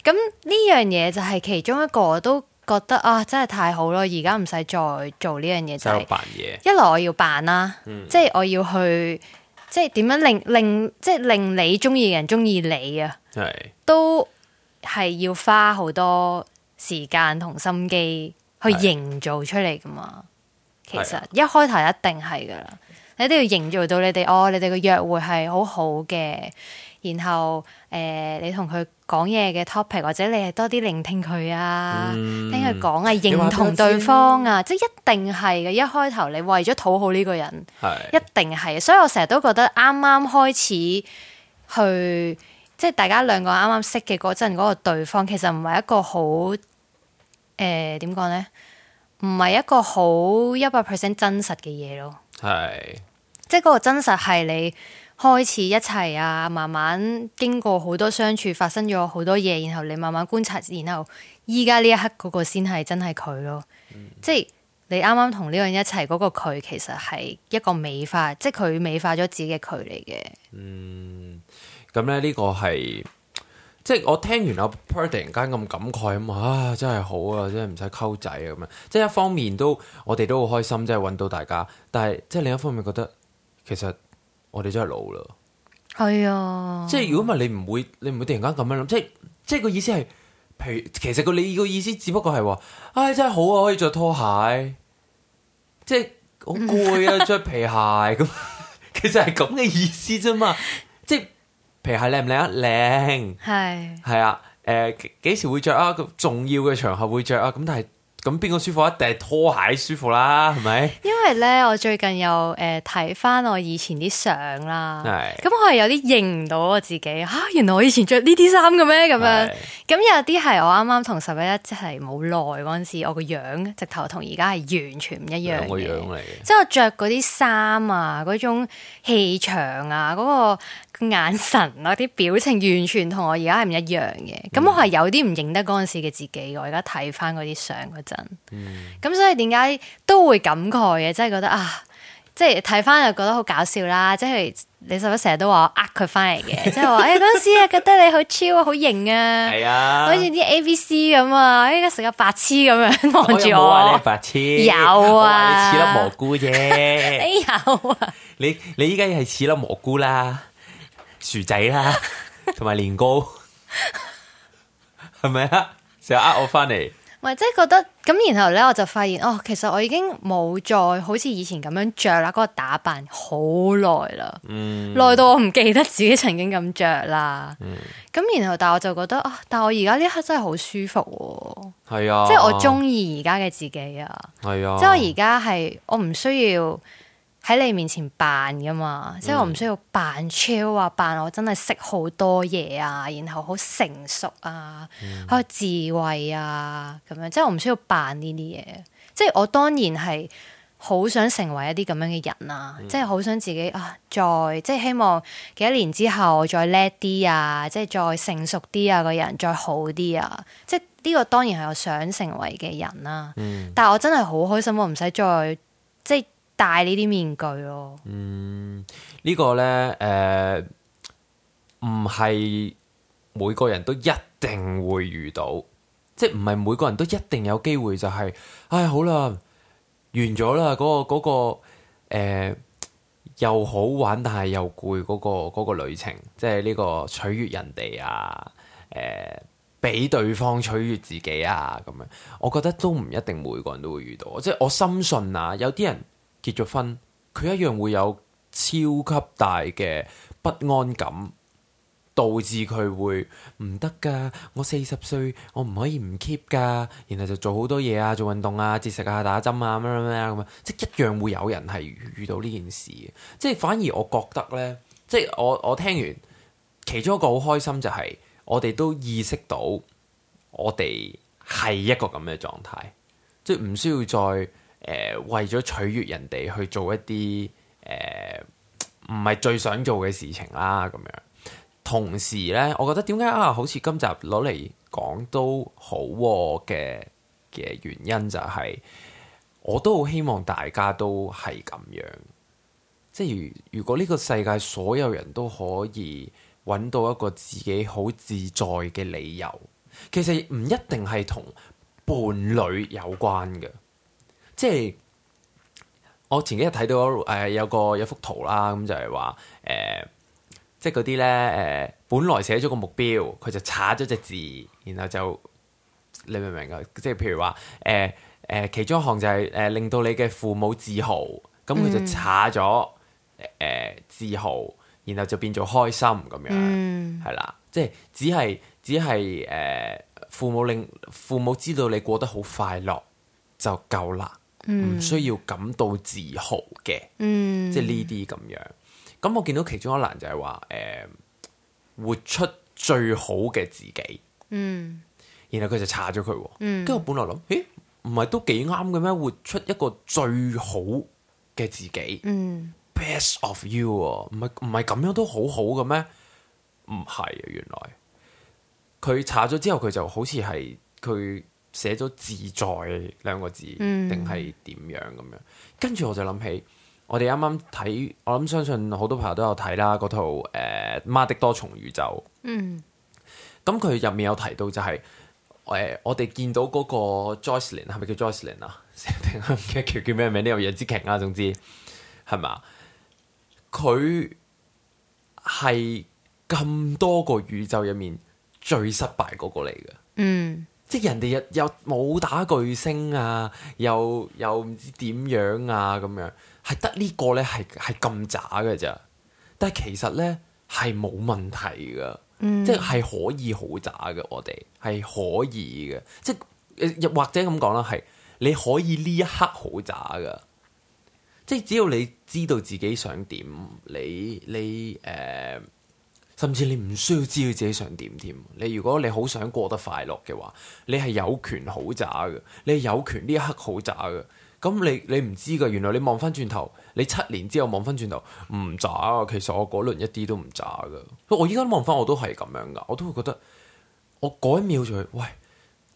咁呢是的 樣嘢就係其中一個，我都覺得啊，真係太好咯！而家唔使再做呢樣嘢，就係扮嘢。一來我要扮啦、啊，嗯、即係我要去，即係點樣令令，即係令你中意嘅人中意你啊，是的 都係要花好多時間同心機去營造出嚟噶嘛。是的 其實是的 一開頭一定係噶啦，你都要營造到你哋哦，你哋嘅約會係好好嘅。然後誒、呃，你同佢講嘢嘅 topic，或者你係多啲聆聽佢啊，嗯、聽佢講啊，認同對方啊，即係一定係嘅。一開頭你為咗討好呢個人，是一定係。所以我成日都覺得啱啱開始去，即係大家兩個啱啱識嘅嗰陣嗰個對方，其實唔係一個好誒，點講咧？唔係一個好一百 percent 真實嘅嘢咯。係是，即係嗰個真實係你。開始一齊啊，慢慢經過好多相處，發生咗好多嘢，然後你慢慢觀察，然後依家呢一刻嗰個先係真係佢咯。嗯、即係你啱啱同呢個人一齊嗰、嗰個佢，其實係一個美化，即係佢美化咗自己嘅佢嚟嘅。嗯，咁咧、呢、呢個係即係我聽完阿 Per 突然間咁感慨啊，真係好啊，真係唔使溝仔啊咁樣。即係一方面都我哋都好開心，真係揾到大家，但係即係另一方面覺得其實。我哋真係老啦，係啊， 即係如果唔係你唔會，你唔會突然間咁樣諗，即係即係個意思係，皮其實個你個意思只不過係話，唉、哎、真係好啊，可以着拖鞋，即係好攰啊着 皮鞋咁，其實係咁嘅意思啫嘛，即係皮鞋靚唔靚啊？靚，係係啊，誒、呃、幾時會着啊？咁重要嘅場合會着啊？咁但係。咁邊個舒服、啊？一定係拖鞋舒服啦、啊，係咪？因為咧，我最近又誒睇翻我以前啲相啦，咁是我係有啲認唔到我自己。吓、啊，原來我以前着呢啲衫嘅咩？咁樣咁是有啲係我啱啱同十一一，即係冇耐嗰陣時，我個樣直頭同而家係完全唔一樣個樣嚟。嘅，即係我着嗰啲衫啊，嗰種氣場啊，嗰、嗰個。眼神咯，啲表情完全同我而家係唔一樣嘅。咁、嗯、我係有啲唔認得嗰陣時嘅自己。我而家睇翻嗰啲相嗰陣，咁、嗯、所以點解都會感慨嘅，即係覺得啊，即係睇翻又覺得好搞笑啦。即係你使唔使成日都話呃佢翻嚟嘅，即係嗰陣時啊覺得你好超啊，好型啊，係啊，好似啲 A B C 咁啊，依家成個白痴咁樣望住我。我有冇話你白痴？有啊，似粒蘑菇啫。 有啊， 你你依家係似粒蘑菇啦。薯仔啦，同埋年糕，係咪啊？成日呃我翻嚟，唔係即係覺得咁。然後咧，我就發現哦，其實我已經冇再好似以前咁樣着啦。嗰、嗰個打扮好耐啦，耐、嗯、到我唔記得自己曾經咁着啦。咁然後，但係我就覺得、哦、啊，但係我而家呢刻真係好舒服，係啊，即係我中意而家嘅自己啊，係是啊即，即係我而家係我唔需要。喺你面前扮㗎嘛，即係我唔需要扮超啊，扮、mm. 我真係識好多嘢啊，然後好成熟啊，好、mm. 智慧啊，咁樣，即係我唔需要扮呢啲嘢。即係我當然係好想成為一啲咁樣嘅人啊，mm. 即係好想自己啊，再即係希望幾多年之後我再叻啲啊，即係再成熟啲啊，個人再好啲啊，即係呢個當然係我想成為嘅人啦、啊。Mm. 但係我真係好開心，我唔使再即係。戴呢啲面具咯。嗯，呢個呢，誒，唔係每個人都一定會遇到，即係唔係每個人都一定有機會就係，唉，好啦，完咗啦，嗰個嗰個，誒，又好玩但係又攰嗰個嗰個旅程，即係呢個取悦人哋啊，誒，俾對方取悦自己啊，咁樣，我覺得都唔一定每個人都會遇到，即係我深信啊，有啲人。結咗婚，佢一樣會有超級大嘅不安感，導致佢會唔得噶。我四十歲，我唔可以唔 keep 噶。然後就做好多嘢啊，做運動啊，節食啊，打針啊，咁樣樣咁啊。即一樣會有人係遇到呢件事，即係反而我覺得呢，即係我我聽完其中一個好開心就係，是，我哋都意識到我哋係一個咁嘅狀態，即係唔需要再。誒，為咗取悦人哋去做一啲誒唔係最想做嘅事情啦，咁樣。同時呢，我覺得點解啊，好似今集攞嚟講都好喎嘅原因就係，我都好希望大家都係咁樣。即係如如果呢個世界所有人都可以搵到一個自己好自在嘅理由，其實唔一定係同伴侶有關嘅。即係我前幾日睇到誒、呃，有個有幅圖啦，咁就係話誒，即係嗰啲咧誒，本來寫咗個目標，佢就擦咗隻字，然後就你明唔明啊？即係譬如話誒誒，其中一項就係、是、誒、呃，令到你嘅父母自豪，咁佢就擦咗誒自豪，然後就變做開心咁樣係、mm. 啦。即係只係只係誒、呃，父母令父母知道你過得好快樂就夠啦。唔、嗯、需要感到自豪嘅，嗯、即係呢啲咁樣。咁我見到其中一欄就係話，誒、呃，活出最好嘅自己。嗯，然後佢就查咗佢。跟住、嗯、我本來諗，咦，唔係都幾啱嘅咩？活出一個最好嘅自己。嗯，Best of you，唔係唔係咁樣都好好嘅咩？唔係啊，原來佢查咗之後，佢就好似係佢。寫咗自在兩個字，定係點樣咁樣？跟住我就諗起，我哋啱啱睇，我諗相信好多朋友都有睇啦。嗰套誒《媽的多重宇宙》，嗯，咁佢入面有提到就係、是、誒、呃，我哋見到嗰個 Jocelyn 係咪叫 Jocelyn 啊？唔記得叫叫咩名呢？有楊紫瓊啊，總之係咪，佢係咁多個宇宙入面最失敗嗰個嚟嘅，嗯。即係人哋又又武打巨星啊，又又唔知點樣啊咁樣，係得呢個咧，係係咁渣嘅咋。但係其實咧，係冇問題噶，嗯、即係係可以好渣嘅。我哋係可以嘅，即係又或者咁講啦，係你可以呢一刻好渣噶。即係只要你知道自己想點，你你誒。呃甚至你唔需要知道自己想點添。你如果你好想過得快樂嘅話，你係有權好渣嘅，你係有權呢一刻好渣嘅。咁你你唔知噶，原來你望翻轉頭，你七年之後望翻轉頭唔渣啊。其實我嗰輪一啲都唔渣噶。我依家望翻我都係咁樣噶，我都會覺得我嗰一秒就係喂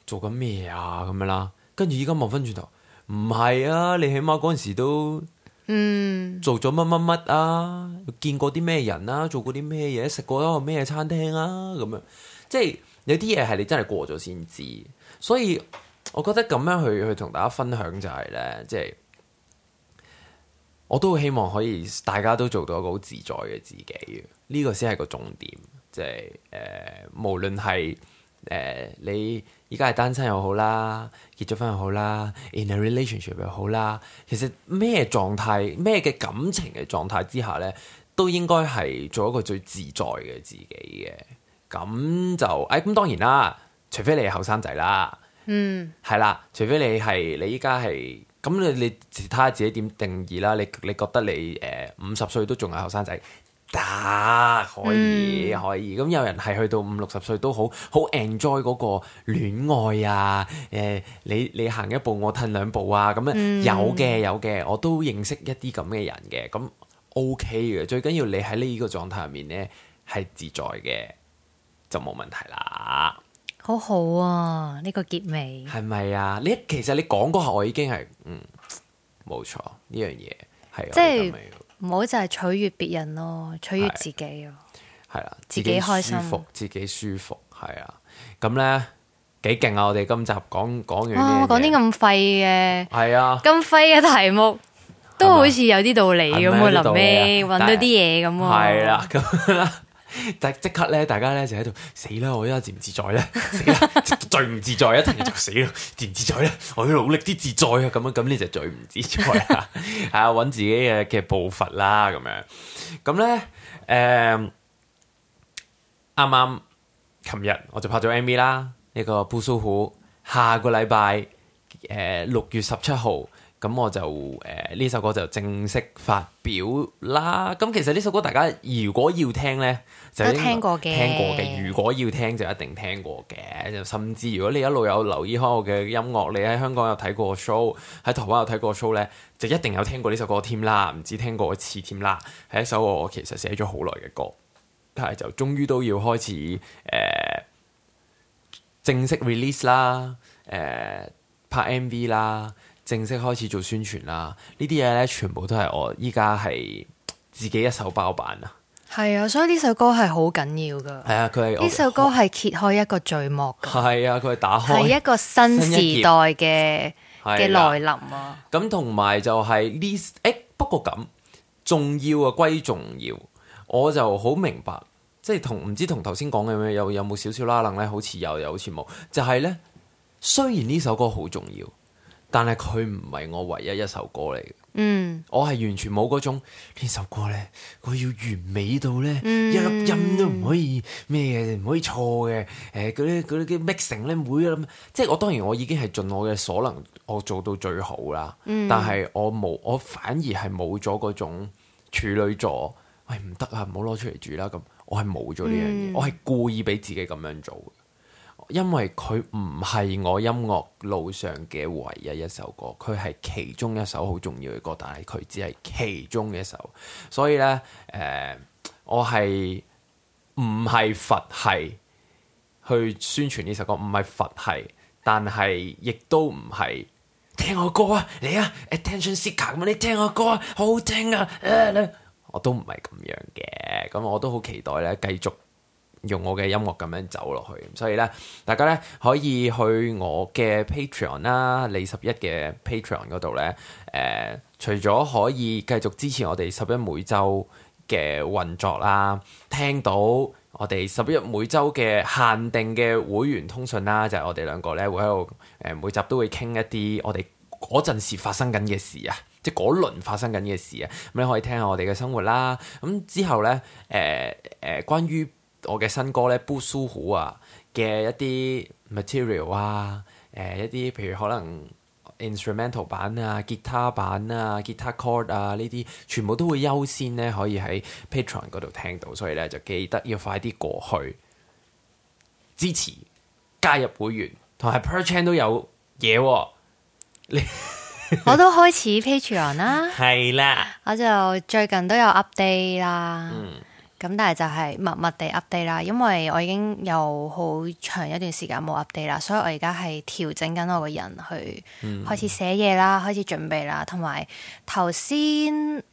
做緊咩啊咁樣啦。跟住依家望翻轉頭唔係啊，你起碼嗰陣時都。嗯，做咗乜乜乜啊？見過啲咩人啊？做過啲咩嘢？食過一個咩餐廳啊？咁樣，即係有啲嘢係你真係過咗先知，所以我覺得咁樣去去同大家分享就係、是、呢，即係我都希望可以大家都做到一個好自在嘅自己，呢、這個先係個重點。即係誒、呃，無論係。誒、呃，你依家係單身又好啦，結咗婚又好啦，in a relationship 又好啦，其實咩狀態，咩嘅感情嘅狀態之下咧，都應該係做一個最自在嘅自己嘅。咁就，哎，咁當然啦，除非你係後生仔啦，嗯，係啦，除非你係你依家係，咁你你睇下自己點定義啦。你你覺得你誒，五十歲都仲係後生仔？得、啊、可以，嗯、可以咁，有人係去到五六十歲都好，好 enjoy 嗰個戀愛啊，誒、呃，你你行一步，我褪兩步啊。咁樣、嗯、有嘅有嘅，我都認識一啲咁嘅人嘅，咁 OK 嘅，最緊要你喺呢個狀態入面呢，係自在嘅，就冇問題啦。好好啊，呢、這個結尾係咪啊？你，其實你講嗰下，我已經係，嗯，冇錯，呢樣嘢係、就是。唔好就係取悅別人咯，取悅自己咯。係啦，自己開心自己服，自己舒服。係啊，咁咧幾勁啊！我哋今集講講完、哦，我講啲咁廢嘅，係啊的，咁廢嘅題目都好似有啲道理咁啊，臨尾咩？搵後的到啲嘢咁啊，係啦，咁啦。但即刻咧，大家咧就喺度死啦！我依家自唔自在咧，死啦！最唔自在一停就死啦！自唔自在咧，我要努力啲自在啊！咁樣咁呢就最唔自在啦，係啊，搵自己嘅嘅步伐啦，咁樣咁咧，誒，啱啱琴日我就拍咗 MV 啦，呢個布蘇虎下個禮拜誒六月十七號。咁我就誒呢、呃、首歌就正式發表啦！咁其實呢首歌大家如果要聽呢，就聽過嘅。聽過嘅，如果要聽就一定聽過嘅。甚至如果你一路有留意開我嘅音樂，你喺香港有睇過 show，喺台灣有睇過 show 呢就一定有聽過呢首歌添啦。唔知聽過一次添啦。係一首我其實寫咗好耐嘅歌，但係就終於都要開始誒、呃、正式 release 啦，誒、呃、拍 MV 啦。正式開始做宣傳啦！呢啲嘢呢，全部都係我依家係自己一手包辦啊！係啊，所以呢首歌係好緊要噶。係啊，佢係呢首歌係揭開一個序幕。係啊，佢係打開係一個新時代嘅嘅來臨啊！咁同埋就係、是、呢，誒、欸、不過咁重要啊，歸重要，我就好明白，即係同唔知同頭先講嘅咩有有冇少少拉楞呢？好似有，又好似冇。就係、是、呢，雖然呢首歌好重要。但係佢唔係我唯一一首歌嚟嘅，嗯，我係完全冇嗰種呢首歌咧，我要完美到咧，嗯、一粒音都唔可以咩嘅，唔可以錯嘅，誒啲啲 mixing 咧，每一粒即係我當然我已經係盡我嘅所能，我做到最好啦，嗯、但係我冇，我反而係冇咗嗰種處女座，喂唔得啊，唔好攞出嚟住啦，咁我係冇咗呢樣嘢，嗯、我係故意俾自己咁樣做。因為佢唔係我音樂路上嘅唯一一首歌，佢係其中一首好重要嘅歌，但係佢只係其中一首，所以呢，誒、呃，我係唔係佛系去宣傳呢首歌，唔係佛系，但係亦都唔係聽我歌啊，嚟啊，Attention Seeker 咁，你聽我歌啊，好好聽啊，誒、呃，我都唔係咁樣嘅，咁我都好期待咧，繼續。用我嘅音樂咁樣走落去，所以咧，大家咧可以去我嘅 Patreon 啦，你十一嘅 Patreon 嗰度咧，誒、呃，除咗可以繼續支持我哋十一每週嘅運作啦，聽到我哋十一每週嘅限定嘅會員通訊啦，就係、是、我哋兩個咧會喺度誒每集都會傾一啲我哋嗰陣時發生緊嘅事啊，即係嗰輪發生緊嘅事啊，咁、嗯、你可以聽下我哋嘅生活啦。咁、嗯、之後咧，誒、呃、誒、呃，關於我嘅新歌咧，不輸好啊嘅一啲 material 啊，誒一啲、啊呃，譬如可能 instrumental 版啊、吉他版啊、吉他 chord 啊、呢啲，全部都會優先咧，可以喺 Patreon 嗰度聽到，所以咧就記得要快啲過去支持加入會員，同埋 Perchan 都有嘢啊。你我都開始 Patreon 啦，係啦，我就最近都有 update 啦。嗯咁但係就係默默地 update 啦，因為我已經有好長一段時間冇 update 啦，所以我而家係調整緊我個人去開始寫嘢啦，嗯、開始準備啦，同埋頭先，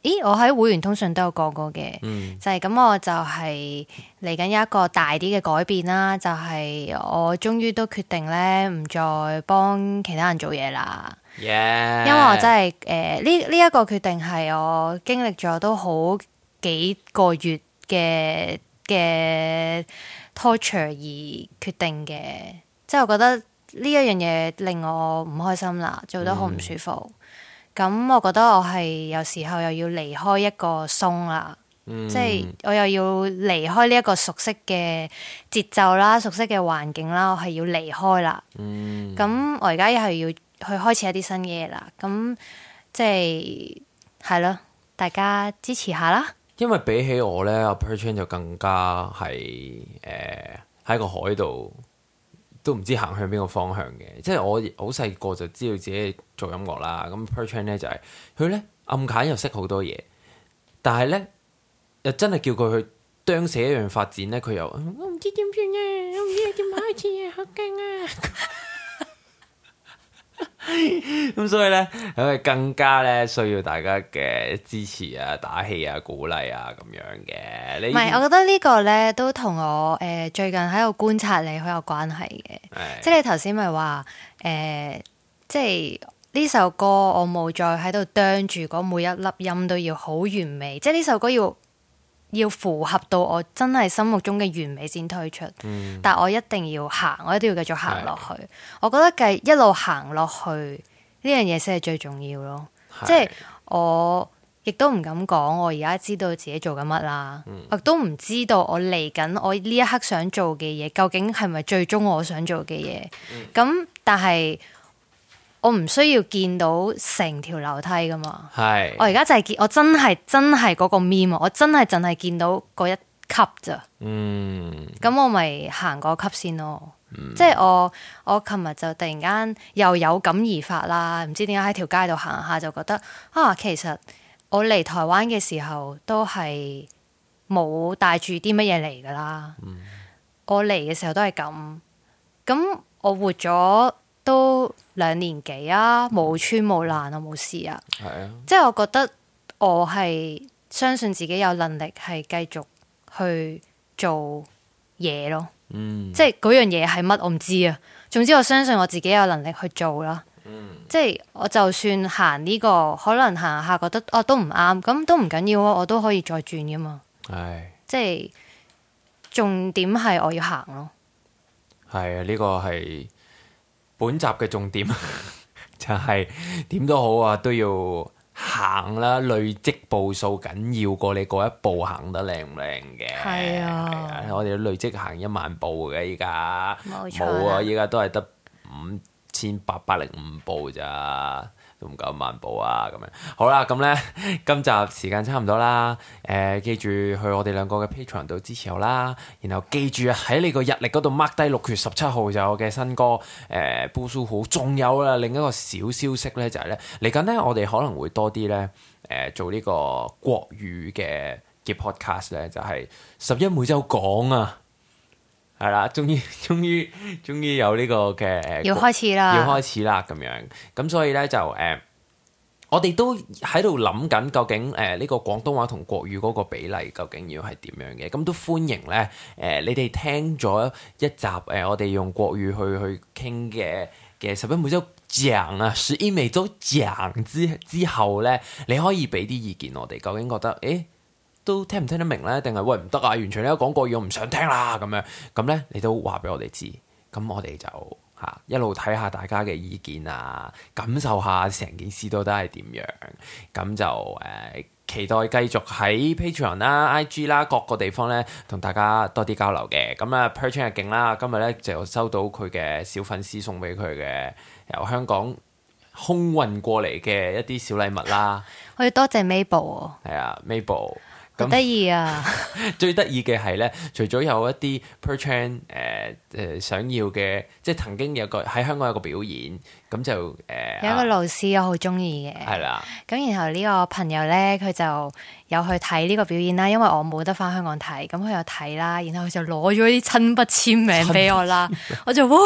咦，我喺會員通訊都有講過嘅，嗯、就係、是、咁，我就係嚟緊一個大啲嘅改變啦，就係、是、我終於都決定咧唔再幫其他人做嘢啦，Yeah. 因為我真係誒呢呢一個決定係我經歷咗都好幾個月。嘅嘅 torture 而決定嘅，即係我覺得呢一樣嘢令我唔開心啦，做得好唔舒服。咁、嗯、我覺得我係有時候又要離開一個松啦，嗯、即係我又要離開呢一個熟悉嘅節奏啦、熟悉嘅環境啦，我係要離開啦。咁、嗯、我而家又係要去開始一啲新嘢啦。咁即係係咯，大家支持下啦。因為比起我呢，阿 Per Chan 就更加係誒，喺、呃、個海度都唔知行向邊個方向嘅。即係我好細個就知道自己做音樂啦。咁 Per Chan 呢、就是、呢，就係佢呢暗卡又識好多嘢，但係呢又真係叫佢去釘死一樣發展呢，佢又我唔知點算啊！我唔知點開始啊，好驚啊！ 咁 所以咧，我哋更加咧需要大家嘅支持啊、打氣啊、鼓勵啊咁樣嘅？你唔係，我覺得個呢個咧都同我誒、呃、最近喺度觀察你好有關係嘅是的、呃。即係你頭先咪話誒，即係呢首歌我冇再喺度啄住，講每一粒音都要好完美，即係呢首歌要。要符合到我真係心目中嘅完美先推出，嗯、但我一定要行，我一定要繼續行落去。是我覺得繼一路行落去呢樣嘢先係最重要咯。是即係我亦都唔敢講，我而家知道自己做緊乜啦，嗯、或都唔知道我嚟緊我呢一刻想做嘅嘢，究竟係咪最終我想做嘅嘢？咁、嗯、但係。我唔需要見到成條樓梯噶嘛，Hi. 我而家就係見，我真係真係嗰個面，我真係淨係見到嗰一級咋。咁、mm. 我咪行嗰級先咯，mm. 即係我我琴日就突然間又有感而發啦，唔知點解喺條街度行下就覺得啊，其實我嚟台灣嘅時候都係冇帶住啲乜嘢嚟噶啦，mm. 我嚟嘅時候都係咁，咁我活咗，都兩年幾啊，冇穿冇爛啊，冇事啊，係啊，即係我覺得我係相信自己有能力係繼續去做嘢咯，嗯、即係嗰樣嘢係乜我唔知啊，總之我相信我自己有能力去做啦、啊，嗯、即係我就算行呢個可能行下覺得哦、啊、都唔啱，咁都唔緊要啊，我都可以再轉噶嘛，係唉，即係重點係我要行咯，係啊，呢個係。本集嘅重點。 就係點都好啊，都要行啦，累積步數緊要過你嗰一步行得靚唔靚嘅。係是啊，哎，我哋要累積行一萬步嘅，依家冇錯，冇啊，依家都係得五千八百零五步咋。都唔夠漫步啊咁樣，好啦咁咧，今集時間差唔多啦。誒、呃，記住去我哋兩個嘅 Patreon 度支持我啦。然後記住喺你個日曆嗰度 mark 低六月十七號就我嘅新歌誒《波蘇虎》。仲有啊，另一個小消息咧就係、是、咧，嚟緊咧我哋可能會多啲咧誒做呢個國語嘅 podcast 咧，就係十一每周講啊。係啦，終於，終於，這個，終於有呢個嘅要開始啦，要開始啦咁樣。咁所以咧就誒，呃，我哋都喺度諗緊，究竟誒呢，呃這個廣東話同國語嗰個比例究竟要係點樣嘅？咁，嗯、都歡迎咧誒，呃，你哋聽咗一集誒，呃，我哋用國語去去傾嘅嘅拾壹每週聽啊，拾壹每週聽之之後咧，你可以俾啲意見我哋，究竟覺得誒，誒都聽唔聽得明咧？定係喂唔得啊！完全你都講過我唔想聽啦咁樣咁咧，你都話俾我哋知，咁我哋就吓、啊、一路睇下大家嘅意見啊，感受下成件事到底係點樣，咁就誒、啊、期待繼續喺 Patreon 啦、啊、IG 啦、啊、各個地方咧同大家多啲交流嘅。咁啊，Perchan 又、啊、勁啦，今日咧就收到佢嘅小粉絲送俾佢嘅由香港空運過嚟嘅一啲小禮物啦。我要多謝、謝 Mabel，係、哦、啊，Mabel。好得意啊！ 最得意嘅係咧，除咗有一啲 Perchun 誒誒想要嘅，即係曾經有個喺香港有個表演，咁就誒、呃、有一個老師我好中意嘅，係啦、啊。咁然後呢個朋友咧，佢就有去睇呢個表演啦，因為我冇得翻香港睇，咁佢又睇啦。然後佢就攞咗啲親筆簽名俾我啦，我就哇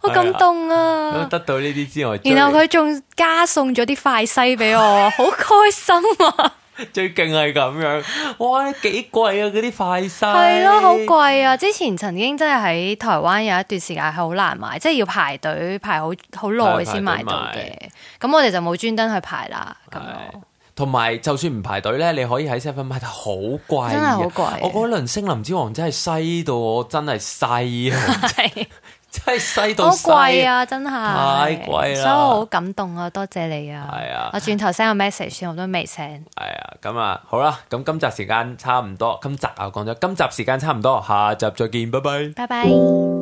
好感動啊！哎嗯、得到呢啲之外，然後佢仲加送咗啲快西俾我，好 開心啊！最勁係咁樣，哇！幾貴啊，嗰啲快篩係咯，好貴啊！之前曾經真係喺台灣有一段時間係好難買，即係要排隊排好好耐先買到嘅。咁我哋就冇專登去排啦。咁的樣同埋就算唔排隊咧，你可以喺 Seven 買，但係好貴，真係好貴。我嗰輪星林之王真係西到我，真係西啊！的 真係細到小，好貴啊！真係太貴啊！所以我好感動啊！多謝你啊！係啊，我轉頭 send 個 message，算我都未 send。係啊，咁啊，好啦，咁今集時間差唔多，今集啊講咗，今集時間差唔多，下集再見，拜拜，拜拜。